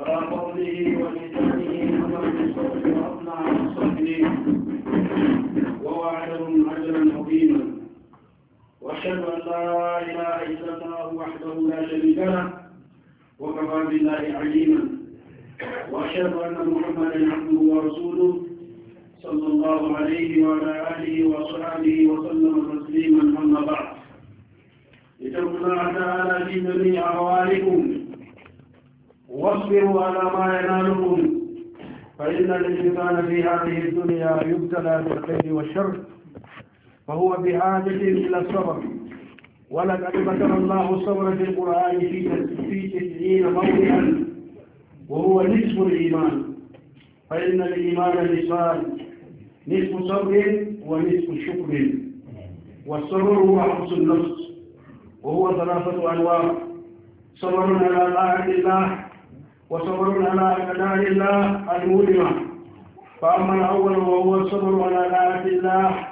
قوله ولسانه ومن صوت واطلع عن صحبه ووعدهم اجرا عظيما واشهد ان لا اله الا الله وحده لا شريك له وكفى بالله عليما واشهد ان محمدا عبده ورسوله صلى الله عليه وعلى اله وصحبه وسلم تسليما اما بعد اتقوا الله تعالى في جميع اوائكم واصبروا على ما ينالكم فإن الإنسان في هذه الدنيا يبتلى بالخير والشر فهو بحاجة إلى الصبر ولقد ذكر الله الصبر في القرآن في في تسعين موضعا وهو نصف الإيمان فإن الإيمان نصفان نصف صبر ونصف شكر والصبر هو حفظ النفس وهو ثلاثة أنواع صبر على طاعة الله وصبر على أعداء الله المؤلمة فأما الأول وهو الصبر على أعداء الله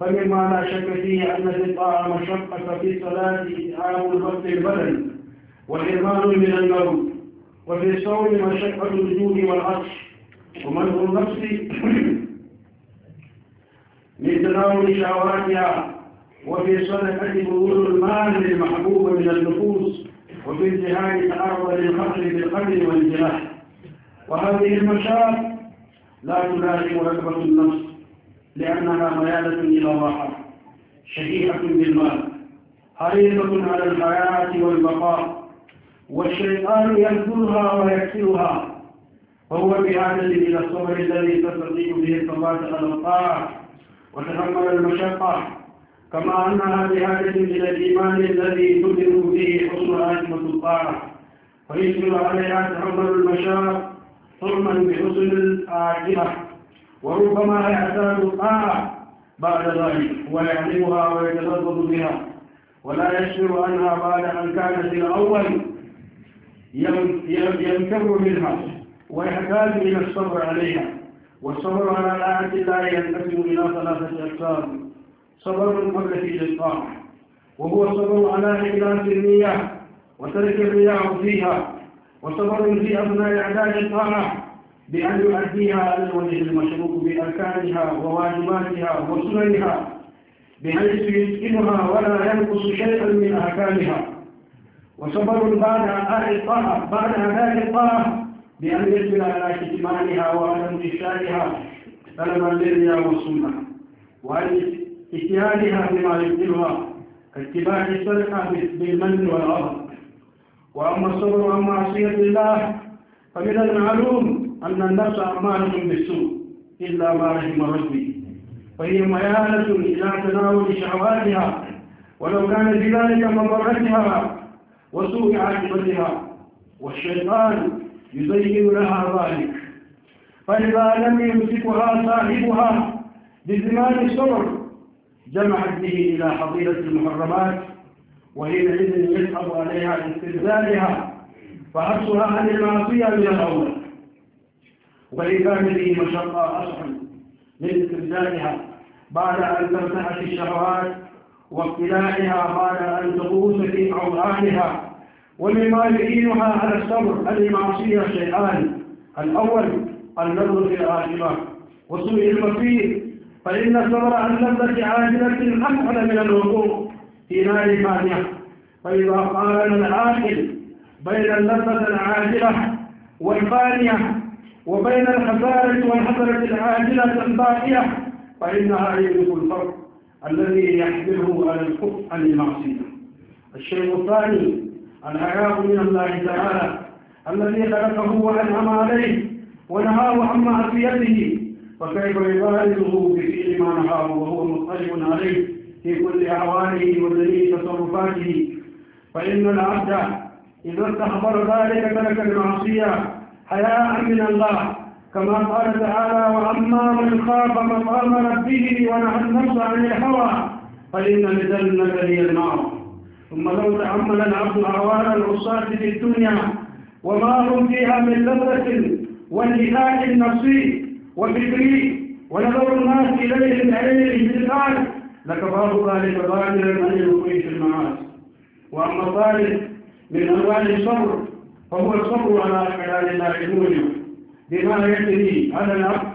فمما لا شك فيه أن تلقاء مشقة في الصلاة إتعاب آه، البطن البدن وحرمان من النوم وفي الصوم مشقة الجود والعطش ومنع النفس من تناول شهواتها وفي صدقة بذور المال المحبوب من النفوس وفي انتهاء تعرض للقتل بالقتل والجراح وهذه المشاعر لا تلائم رغبة النفس لأنها ميالة إلى الراحة شهيرة بالمال حريصة على الحياة والبقاء والشيطان ينزلها ويكسرها فهو بحاجة إلى الصبر الذي تستطيع به الثبات على الطاعة وتحمل المشقة كما أنها بحاجة إلى الإيمان الذي تظهر به حسن عزمة الطاعة فيصبر عليها تحمل المشاق حرما بحسن الآخرة وربما يحتاج الطاعة بعد ذلك ويعلمها ويتلذذ بها ولا يشعر عنها بعد أن كانت الأول ينكر منها ويحتاج إلى الصبر عليها والصبر على طاعة الله ينقسم إلى ثلاثة أقسام صبر قبل في الطاعة وهو صبر على إخلاص النية وترك الرياء فيها وصبر في أثناء إعداد الطاعة بأن يؤديها على الوجه المشروط بأركانها وواجباتها وسننها بحيث يتقنها ولا ينقص شيئا من أركانها وصبر بعد أداء الطاعة بعد أداء الطاعة بأن يجبر على كتمانها وعدم انتشارها طلبا للرياء والسنة وأن اجتهادها بما يبذلها كاتباع السرقه بالمن والارض وأما الصبر عن معصية الله فمن المعلوم أن النفس أمارة بالسوء إلا ما رحم ربي فهي ميالة إلى تناول شهواتها ولو كان بذلك مضرتها وسوء عاقبتها والشيطان يزين لها ذلك فإذا لم يمسكها صاحبها بزمان الصبر جمعت به إلى حظيرة المحرمات وحينئذ يصعب عليها استبدالها فعكسها عن المعصية من الأول ولكان به مشقة أصعب من استبدالها بعد أن ترتعش الشهوات وابتلاعها بعد أن تغوص في أوهامها ومما يعينها على الصبر المعصية شيئان الأول النظر في الآخرة وسوء المصير فإن الصبر عن لذة عاجلة أسهل من الوقوف في نار فانية فإذا قارن العاقل بين اللذة العاجلة والفانية وبين الخسارة والحسرة العاجلة الباقية فإنها يجد الفرق الذي يحمله على الكفر عن المعصية الشيء الثاني الحياء من الله تعالى الذي خلقه وأنعم عليه ونهاه عن معصيته وكيف يبالغ بفعل ما نهاه وهو مطلع عليه في كل أعوانه وجميع تصرفاته فإن العبد إذا استخبر ذلك ترك المعصية حياء من الله كما قال تعالى وأما من خاف مقام ربه ونهى النفس عن الهوى فإن الجنة هي النار ثم لو تحمل العبد أعوان العصاة في الدنيا وما هم فيها من لذة والهلاك النصيب وفكري ونظر الناس إليه من عليه لكفاه ذلك لتبادل عن يلقي في المعاصي وأما الثالث من أنواع الصبر فهو الصبر على خلال الله بما يجري على العبد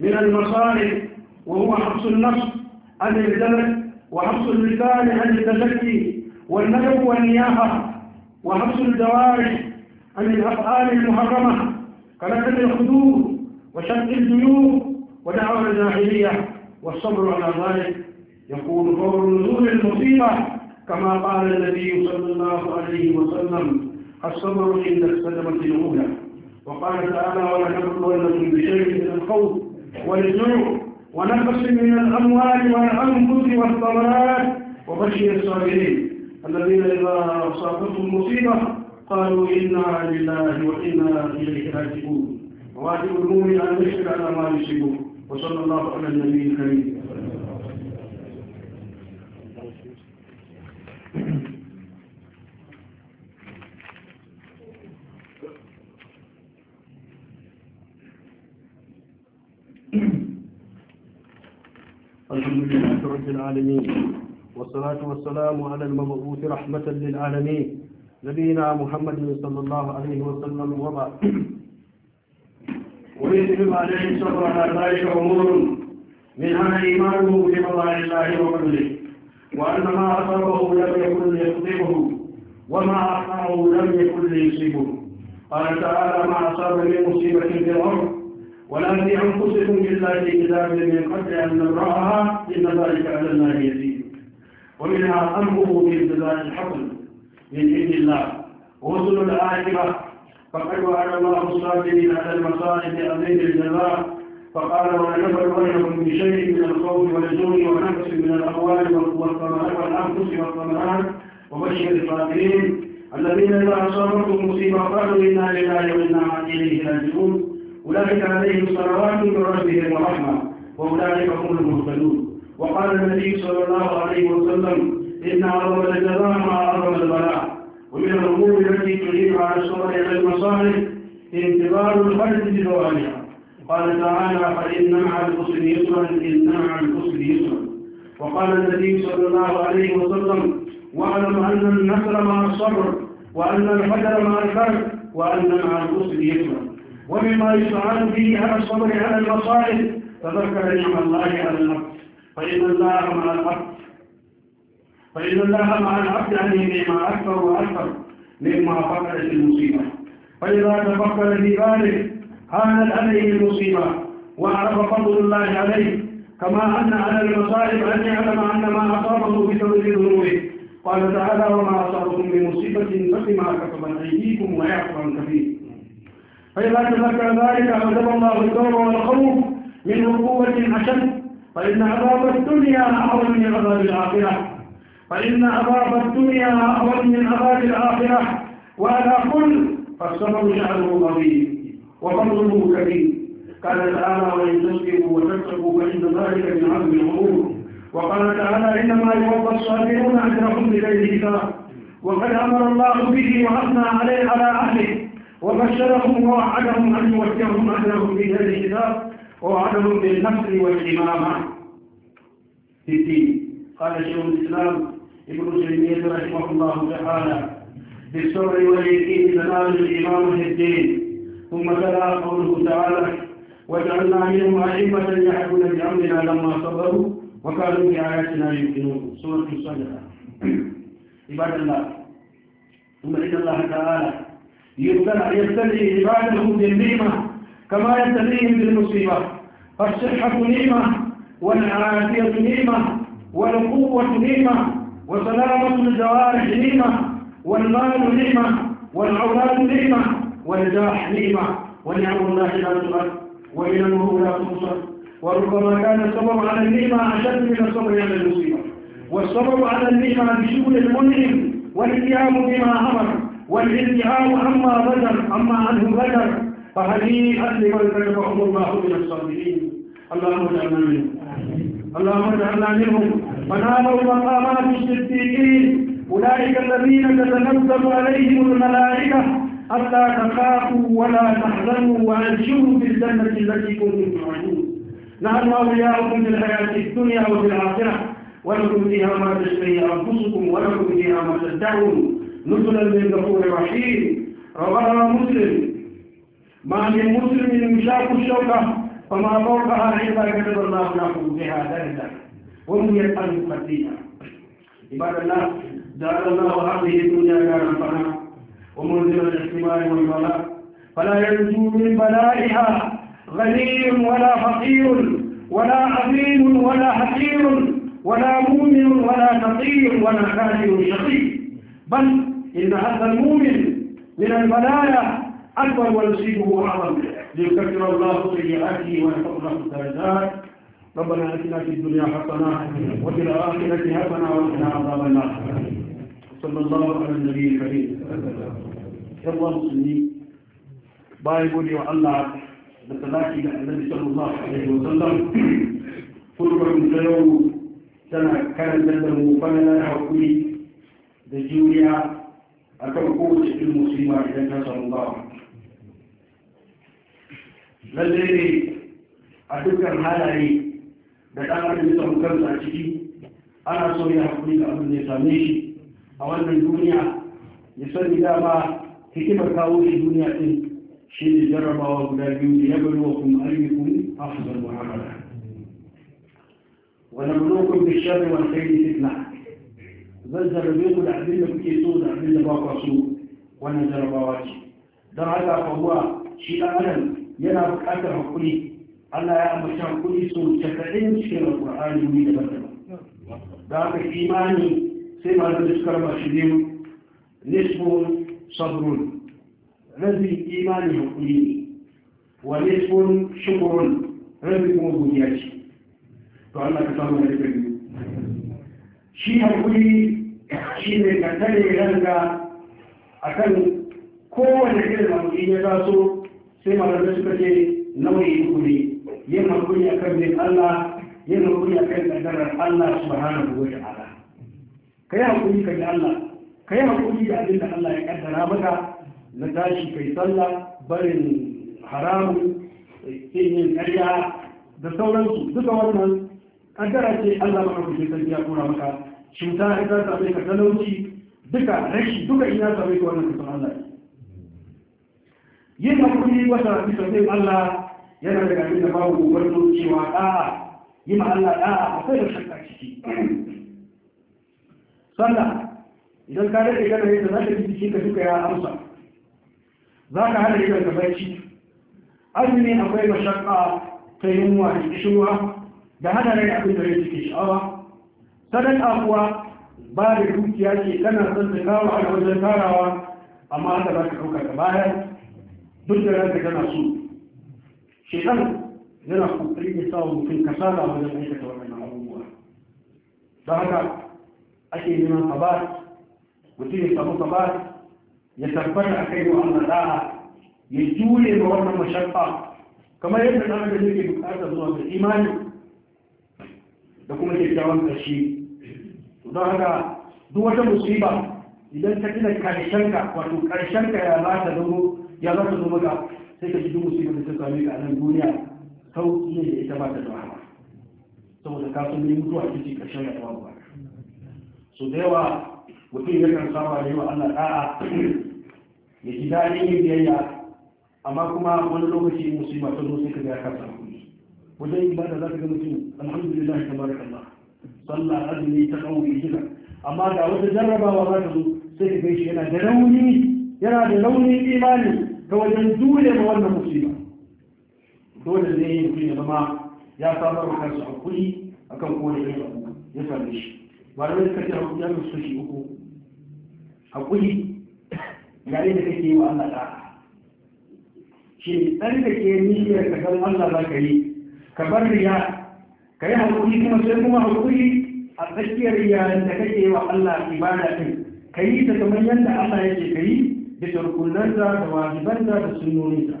من المصالح وهو حبس النفس عن الدلل وحبس اللسان عن التزكي والندب والنياحة وحبس الجوارح عن الأفعال المحرمة كنكد الخدود وشق الديون ودعوة الجاهلية والصبر على ذلك يكون فور نزول المصيبة كما قال النبي صلى الله عليه وسلم الصبر عند الصدمة الأولى وقال تعالى ولا تبلغنكم بشيء من الخوف والجوع ونقص من الأموال والأنفس والثمرات وبشر الصابرين الذين إذا أصابتهم مصيبة قالوا إنا لله وإنا إليه راجعون وواجب المؤمن أن يشرك على ما يشركه وصلى الله على النبي الكريم الحمد لله رب العالمين والصلاة والسلام على المبعوث رحمة للعالمين نبينا محمد صلى الله عليه وسلم وبعد ويجب عليه الصبر على ذلك أمور منها إيمانه بقضاء الله وقدره وأن ما أصابه لم يكن ليصيبه وما أخطأه لم يكن ليصيبه قال تعالى ما أصاب من مصيبة في الأرض ولا في أنفسكم إلا في كتاب من قبل أن نبرأها إن ذلك على الله يزيد ومنها أمره بابتداء الحقل من عند الله ورسل الآخرة فقد وعد الله الصابرين على المصائب عظيم الجزاء فقال ولا نفر بشيء من الخوف والجوع ونفس من الاموال والانفس والطمعات وبشر الصابرين الذين اذا اصابتهم مصيبه قالوا انا لله وانا اليه راجعون اولئك عليهم صلوات من ربهم ورحمه واولئك هم المهتدون وقال النبي صلى الله عليه وسلم ان عظم الجزاء ما عظم البلاء ومن الأمور التي تجيب على الصالح المصالح انتظار الخلق لدوامها قال تعالى فإن مع الحسن يسرا إن مع الحسن يسرا وقال النبي صلى الله عليه وسلم واعلم أن النصر مع الصبر وأن الحجر مع الفرد وأن مع الحسن يسرا ومما يستعان به على الصبر على المصائب تذكر نعم الله على النفس فإن الله مع العبد فإن الله مع العبد يعني بما أكثر وأكثر مما فقد في المصيبة فإذا تفكر في ذلك هانت عليه المصيبة وعرف فضل الله عليه كما أن على المصائب أن يعلم أن ما أصابه بسبب ذنوبه قال تعالى وما أصابكم بمصيبة فبما كسبت أيديكم ويعفو عن كثير فإذا تذكر ذلك عذب الله الدور والخوف من عقوبة أشد فإن عذاب الدنيا أعظم من عذاب الآخرة فإن أباب الدنيا أول من أباب الآخرة وأنا قل فالصبر جعله قضيب وفضله كبير قال تعالى وإن تصبروا وتتقوا فإن ذلك من عزم الغرور وقال تعالى إنما يوفى الصابرون أجرهم بغير حساب وقد أمر الله به وأثنى عليه على أهله وبشرهم ووعدهم أن يوفيهم أجرهم بغير حساب ووعدهم بالنصر والإمامة في الدين قال شيخ الإسلام ابن تيمية رحمه الله تعالى بالسر واليقين تنال الإمام الدين ثم تلا قوله تعالى وجعلنا منهم أئمة يحكون بأمرنا لما صبروا وكانوا بآياتنا يمكنون سورة الصدقة عباد الله ثم إن الله تعالى يبتلي عباده بالنعمة كما يبتليهم بالمصيبة فالصحة نعمة والعافية نعمة والقوة نعمة وسلامة الجوارح نعمة والمال نعمة والعباد نعمة والنجاح نعمة ونعم الله لا وإلى النور لا تنصر وربما كان الصبر على النعمة أشد من الصبر على المصيبة والصبر على النعمة بشغل المنعم والالتئام بما أمر والالتئام عما بدر أما عنه بدر فهنيئا لمن كتبهم الله من الصابرين اللهم اجعلنا منهم اللهم اجعلنا منهم ونالوا مقامات الصديقين أولئك الذين تتنزل عليهم الملائكة ألا تخافوا ولا تحزنوا في الجنه التي كنتم توعدون نحن نعم أولياؤكم في الحياة الدنيا وفي الآخرة ولكم فيها ما تشتهي أنفسكم ولكم فيها ما تدعون نزلا من غفور رحيم رواه مسلم ما من مسلم يشاق الشوكة فما فوقها الا كتب الله له بها ذلك وهي الأرض المدينة عباد الله جعل الله هذه الدنيا دار الفناء ومنزل الاحتمال والبلاء فلا ينجو من بلائها غني ولا فقير ولا عظيم ولا حقير ولا مؤمن ولا تقي ولا كافر شقي بل إن هذا المؤمن من البلايا أكبر ويصيبه أعظم ليكفر الله سيئاته ويحفظ له الدرجات ربنا اتنا في الدنيا حسنه وفي الاخره حسنه وقنا عذاب النار صلى الله على النبي الكريم يلا مسلمين باي بودي والله da talaki da annabi sallallahu alaihi wasallam kurban da yau tana karanta da mu falalar hakuri da juriya a kan kowace irin musulma idan ta samu bawa lalle ne a dukkan halaye da ɗan adam ya samu kansa a ciki ana so ya haƙuri da abin da ya same shi a wannan duniya ya sani dama hikimar kawo shi duniya ɗin shi ne jarrabawa guda biyu da ya bari wa kuma ayyukun afisar muhammada wani bulokun da shari wani kai fitna zan jarrabe ku da abin da kuke so da abin da ba kwa so wannan jarrabawa ce don haka faruwa shi ɗan adam yana buƙatar haƙuri Allah ya ambata kuɗi sun casa'in cikin alƙur'ani ne da bata da haka imani sai ma da suka raba shi ne nisfun sabrun rabin imani hakuri ne wa nisfun shukurun rabin kuma godiya ce to Allah ka samu da biyu shi hakuri shi ne ka tare a akan kowane irin abu in ya taso sai da suka ce nauyi uku ne yin hakuri akan bin Allah yin hakuri akan ƙaddarar Allah subhanahu wa ta'ala kai hakuri kai Allah Ka yi hakuri da abin da Allah ya ƙaddara maka na tashi yi sallah barin haramun yin ƙarya da sauransu duka wannan kaddara ce Allah maka kuke sarki ya kora maka cuta ita ta mai ka talauci duka rashi duka ina ta mai ka wannan kasan Allah yin hakuri wata bisa Allah yana daga cikin da babu gwarzo cewa ɗa'a yi ma Allah ɗa'a akwai da shakka ciki sannan idan ka rage kana yadda za ka ji ka duka ya amsa za ka hada idan ka barci azumi akwai mashakka ta yunwa da kishuwa da hada rai abin da rai suke sha'awa sadaka kuwa ba da dukiya ce kana son ta kawo a wajen tarawa amma haka za ka ɗauka ka bayan. duk da ranka kana so shekan yana kokari ya sa mutum kasala wajen aikata waɗannan abubuwa don haka ake neman sabat mutum ya samu sabat ya tabbata a kai wa Allah da'a ya jure ma wannan kamar yadda na da yake bukata zuwa ga imani da kuma kyakkyawan ƙarshe don haka duk wata musiba idan ta gina karshenka wato karshenka ya za ta zama ya za ta zama ga sai ka ji duk musu da suka same a nan duniya sauƙi ne da ita ba ta da wahala saboda ka san ne mutuwa ce ce ƙarshen rayuwa ba so da yawa mutum kan saba da yawa Allah da'a ya ji daɗin yin biyayya amma kuma wani lokaci musulma ta zo sai ka ga ka samu wajen ibada za ka ga mutum alhamdulillah kalla sallah azumi ta kawo hijira amma ga wata jarrabawa za ta zo sai ka gaishe yana da rauni yana da rauni imani ta wajen jure ma wannan musiba dole ne yin kuli ya zama ya samar a kuli a kan kowane irin abu ya same shi ba da wani kake hakuri ya su shi uku a kuli, yare da kake yi wa Allah da shi dan da ke niyyar ka san Allah za ka yi ka bar riya ka yi hakuri kuma sai kuma hakuri a tsakiyar yayin da kake wa Allah ibada din ka yi ta kamar yadda Allah yake ka yi bisa rukunanta da wajibanta da sunnoninta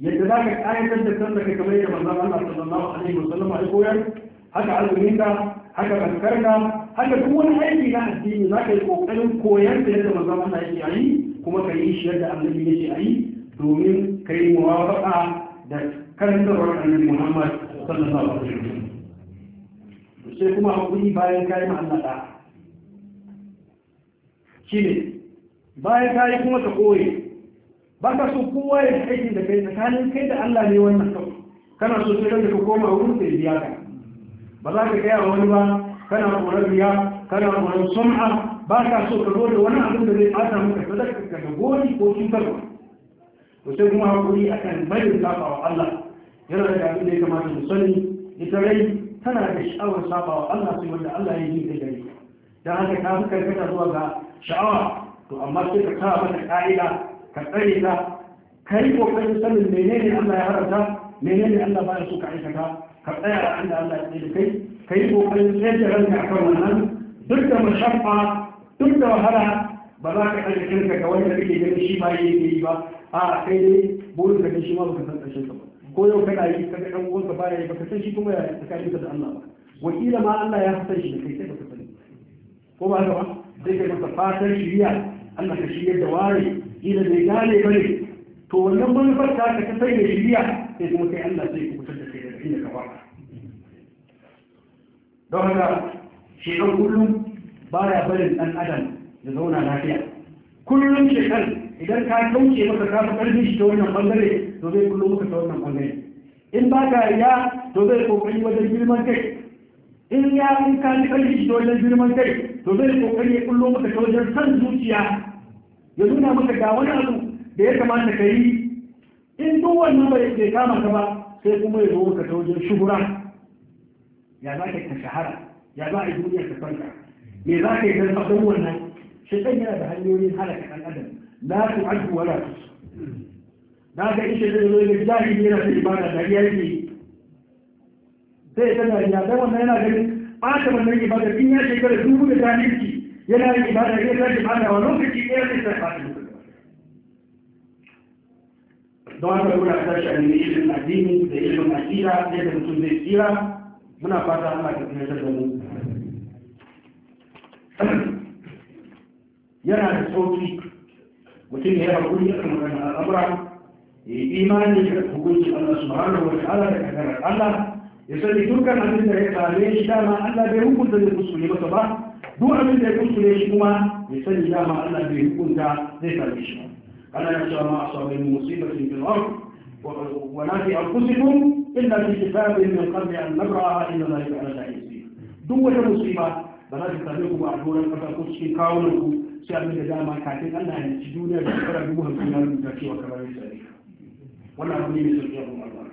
yadda za ka ƙayatar da kanka ka kamar yadda manzon Allah sallallahu alaihi wasallam ya koyar haka azuminka haka raskarka haka duk wani aiki na addini za ka yi ƙoƙarin koyar da yadda manzon Allah yake yi kuma ka yi shi yadda annabi yake a yi domin ka yi muwafaqa da karantarwar annabi Muhammad sallallahu alaihi wasallam sai kuma hakuri bayan kayan Allah da shi ne Baya ta yi kuma ta koye ba ka so kowa ya aikin da kai tsakanin kai da Allah ne wannan kawai kana so sai ka koma wurin da biya ka ba za ka kai wani ba kana koran biya kana koran sum'a ba ka so ka rode wani abin da zai fata maka sadaka ka ga gori ko cutarwa to sai kuma hakuri akan bayin saba wa Allah yana da abin da ya kamata mu sani ita rai tana da sha'awar sabawa Allah sai wanda Allah ya yi da gari dan haka ka fuka karkata zuwa ga sha'awa to amma sai ka kawo mata ka'ida ka tsare ta ka yi kokarin sanin menene Allah ya haramta menene Allah ba ya so ka aikata ka tsaya da inda Allah ya tsaye kai ka yi kokarin tsayar da ranka akan wannan duk da mashaffa duk da wahala ba za ka ɗaga kanka ga wanda kake ganin shi ma yake yi ba a kai dai burin ka shi ma baka san ƙarshen ka ba ko yau kana yi ka ga ɗan ka baya yi baka san shi kuma ya tsakanin ka da Allah ba wakila ma Allah ya san shi da kai sai baka sani ko ba haka ba sai ka masa fatan shiriya Allah ka shirya da ware ila bai gane bane to wannan manufar ta ka sai da shirya sai kuma kai Allah zai kubutar da kai da inda ka fara don haka shekar kullum ba ya barin ɗan adam da zauna lafiya kullum shekar idan ka kauce maka ka fi ƙarfin shi ta wannan bangare to zai kullum maka ta wannan bangare in ba ka ya to zai kokari wajen girman kai in ya in ka fi ƙarfin shi ta wajen girman kai to zai kokari ya kullo maka ta wajen san zuciya ya nuna maka ga wani abu da ya kamata ka yi in duk wannan bai kama ka ba sai kuma ya zo maka ta wajen shuhura ya za ka shahara ya za a yi duniya ta farka me za ka yi don faɗin wannan shi zan yana da hanyoyin halaka ɗan adam la su aju wala su na ga ishe zai zo da jahili yana da ibada da yake sai ya tana ya dan wannan yana ganin ɓata wannan ibada in ya shekara dubu da jahilci yana yin ibada ya tashi ɓata wa lokaci ɗaya zai sai ɓata don haka muna tashi a nemi ilimin addini da ilimin aƙida yadda mutum zai tsira muna fata Allah ka tsira da mu yana da sauki mutum ya yi haƙuri a kan magana al'amura ya yi imani da hukuncin Allah subhanahu wa ta'ala da kadarar Allah ya sani dukkan abin da ya same shi dama Allah bai hukunta zai kuskure masa ba duk abin da ya kuskure shi kuma ya sani dama Allah bai hukunta zai same shi ba Allah yanzu cewa ma asabin musibatin fil ard wa la fi anfusikum illa fi kitabin min qabli an nabra'a inna dhalika ala Allah yasir duk wata musiba ba za ta same ku ba a doron kasa ko cikin kawunan ku sai abin da dama kafin Allah ya ci duniya da shekara dubu hamsin na rubuta cewa kamar yadda wannan abin ne mai sauƙi a Allah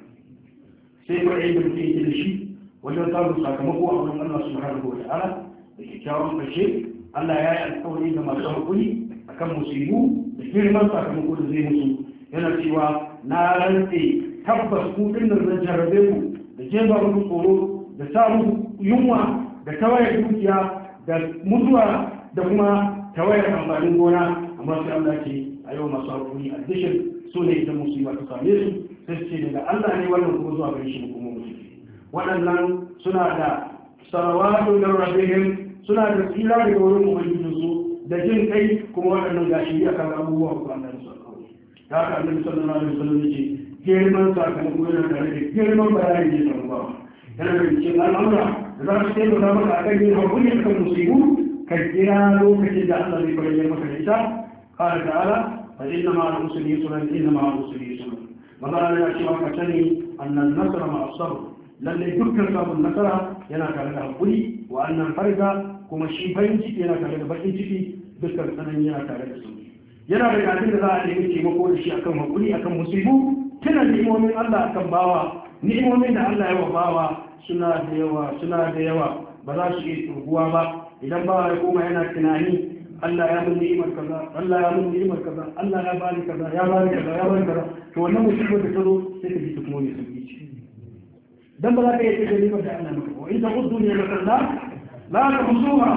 sai ko da muke da shi wajen samun sakamako a wajen Allah subhanahu wa ta'ala da kyakkyawan karshe Allah ya yi alƙawari ga masu a akan musibu da girman sakamako da zai musu yana cewa na rantse tabbas ku din nan zan jarabe ku da jefa muku tsoro da sa yunwa da tawaye dukiya da mutuwa da kuma tawayar amfanin gona amma sai Allah ce a yau masu haƙuri a so ne ita musu yi wata same su sai ce daga Allah ne wannan kuma zuwa gare shi kuma musulmi waɗannan suna da salawatu da rabbihim suna da tsira daga wurin ubangijinsu da jin kai kuma waɗannan gashi akan abubuwa ku Allah ya da haka annabi sallallahu alaihi wasallam yace girman sakamako yana tare da girman bayani ne da ba yana da cikin al'amura da za su taimaka maka akan yin hakuri akan musibu ka kira lokacin da Allah zai bayyana maka da ita qala ta'ala fa inna ma'al usri yusra inna ma'al usri yusra maza na ce cewa ta ne annan nasara ma asabu lallai dukkan samun nasara yana tare da hakuri wa annan farga kuma shi farin ciki yana tare da bakin ciki dukkan tsanani yana tare da su yana da kafin da za a nemi taimako da shi akan hakuri akan musibu tana ni'imomin Allah akan bawa ni'imomin da Allah ya wa bawa suna da yawa suna da yawa ba za su iya turguwa ba idan bawa ya koma yana tunani Allah ya mun ni'imar kaza Allah ya mun ni'imar kaza Allah ya bani kaza ya bani kaza ya bani kaza to wannan musibar da ta zo sai ka ji su kuma ne sun yi dan ba za ka yi ta ni'imar da Allah maka wa in ta hudu ne maka la la ta husuha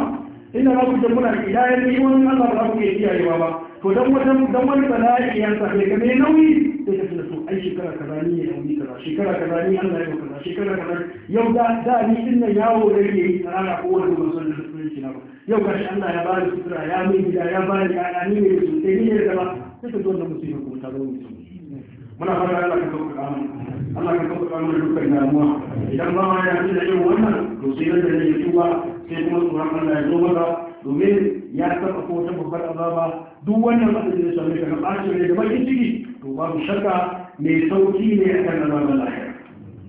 inna la budda muna ila ya ni'imar Allah ba ku iya iyayewa ba to dan wata dan wani bala'i ya sa ne nauyi sai ka tuna so ai shekara kaza ni ne auni kaza shekara kaza ni Allah ya kaza shekara kaza yau da da ni din nan yawo da yake yi tsara ko wani ban san da sunci ba yau gashi Allah ya bani sutura ya mai gida ya bani ya ni ne da sunce ni ne da ba sai ka zo da musulmi ko ta zo musulmi muna fara Allah ka kauka mu Allah ka kauka mu dukkan damuwa idan ba ma ya ji da irin wannan to sai da ne tuwa sai kuma tsoron Allah ya zo maka domin ya saba ko wata babbar azaba duk wannan matsayin da same ka na ɓacin ne da bakin ciki to babu shakka mai sauki ne a kan azabar lahira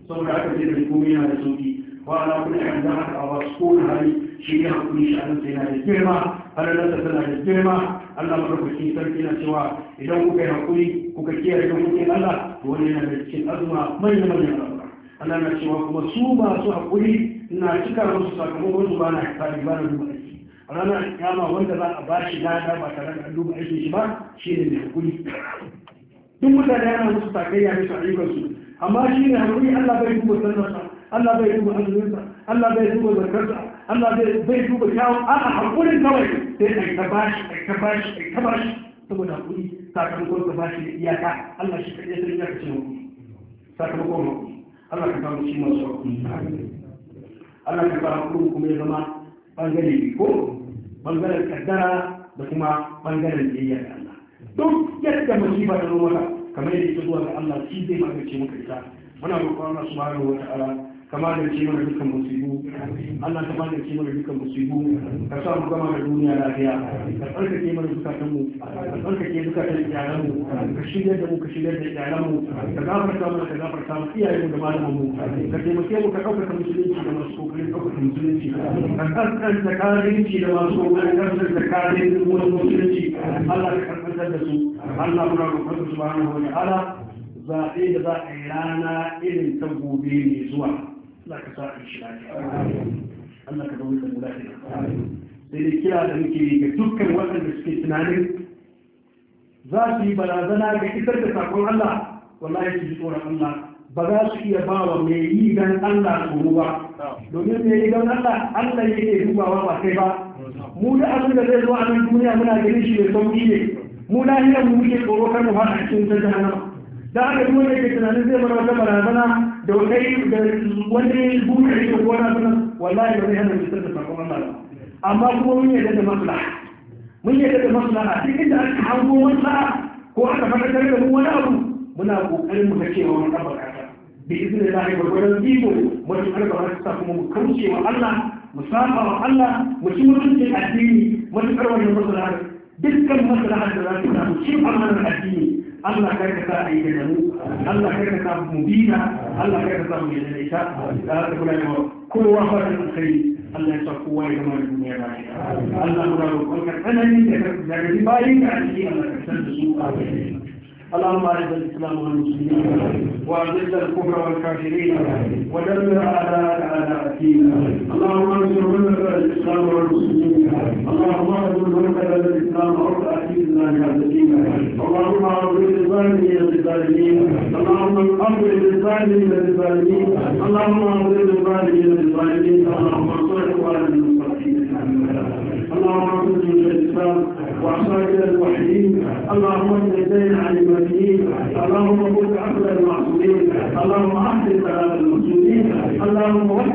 saboda aka ce da komai yana da sauki wa ala kulli an da haka a wasu kowane hali shi ne hakuri shi an sai na da girma halalarsa tana da girma Allah madaukakin sarki na cewa idan kuka yi hakuri kuka kiyaye kuke Allah to wani yana da cikin azuma manyan manyan azuma Allah na cewa kuma su masu hakuri na cika musu sakamakon su ba na hisabi ba na ranar kyama wanda za a bashi da ba tare da duba aikin shi ba shi ne mai hukuri duk mutane yana musu takayya ne su ayyukan su amma shi ne hukuri Allah bai duba sallarsa Allah bai duba azuminsa Allah bai duba zakarsa Allah bai duba kyawun a'a hakurin kawai sai ai ta bashi ai ta bashi ai ta bashi saboda hukuri sakamakon ka bashi da iyaka Allah shi kaɗai sun yaka ce hakuri sakamakon hukuri Allah ka kawo shi masu hukuri Allah ka kawo hukuri kuma ya zama bangare ko bangaren kaddara da kuma ɓangaren biyayya ga Allah duk yadda musiba ta zo maka kamar yadda ita zuwa ga Allah shi zai magance maka ita muna roƙon Allah subhanahu wa ta'ala kama da ce mana dukkan musibu Allah ka bada ce mana dukkan musibu ka sa mu gama da duniya lafiya ka tsarkake mana zukatan mu ka tsarkake zukatan iyalan mu ka shirya da mu ka shirya da iyalan mu ka gafarta mana ka gafarta mu iyaye mu da malaman mu ka taimake mu ka ɗaukaka musulunci da masu kokarin ɗaukaka musulunci ka kaskanta karinci da masu kokarin kaskanta karin wani musulunci Allah ka karkantar da su Allah muna roƙon subhanahu wa ta'ala zaɓe da za a yi rana irin ta gobe ne zuwa Allah ka sa shiga shi lafiya Allah ka zama da mu lafiya sai dai kira da muke yi ga dukkan waɗanda suke tunanin za su yi barazana ga isar da sakon Allah wallahi su ji tsoron Allah ba za su iya ba wa mai yi dan Allah tsoro ba domin mai yi dan Allah Allah yake dubawa ba kai ba mu da abin da zai zo a nan duniya muna ganin shi da sauki ne mu lahiran mu muke tsoro kan mu har a cikin ta jahannama da haka duk wanda yake tunanin zai mana wata barazana da wanda yi da wanda yi buɗe yi da gona suna wallahi ba zai hana mutum da sakon Allah amma kuma mun yarda da maslaha mun yarda da maslaha duk inda aka hango maslaha ko aka fadakar da mu wani abu muna kokarin mu kake wa wani abu kaka bi izinin lahi gwargwaron bibo wani karba wani sa kuma mu kauce wa Allah mu saba wa Allah mu ci mutuncin addini wani na wani maslaha dukkan maslaha da za su samu cin amanar addini Allah kai ka sa a yi da Allah karka ka sa mu bina Allah kai ka sa mu yadda ita da haka kula da kowa fatan kai Allah ya sa kowa ya zama da duniya ba Allah muna roƙon ka tsanani da ka zaga bayin ka a cikin Allah ka san da su a اللهم اعز الاسلام والمسلمين واعز الكفر والكافرين ودمر اعداء اعداء الدين اللهم انصر من الاسلام والمسلمين اللهم اعز من الاسلام وارفع في الله الدين اللهم اعز الظالمين للظالمين اللهم انصر للظالمين للظالمين اللهم انصر للظالمين للظالمين اللهم انصر اخواننا المستضعفين اللهم انصر الإسلام وأخرجنا الموحدين اللهم اجعل زين المدينين اللهم خذ عقل المعصومين اللهم احفظ المسلمين اللهم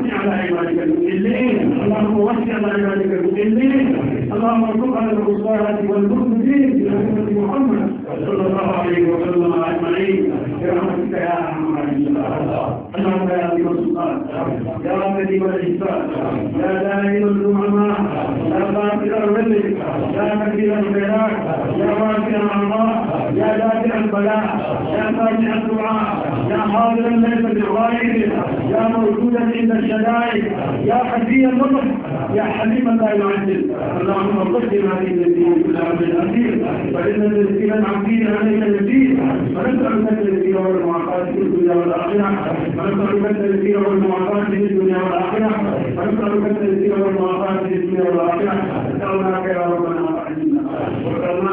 يا دافع البلاء يا فاتح الدعاء يا حاضرا ليس بغائب يا موجودا عند الشدائد يا حزي النصر يا حليما لا العزيز اللهم قدم هذه الدين الى عبد الاخير فان الذين عبدين عليك الذين فنسالك الذين والمعاقات في الدنيا والاخره فنسالك الذين والمعاقات في الدنيا والاخره فنسالك الذين والمعاقات في الدنيا والاخره نسالك يا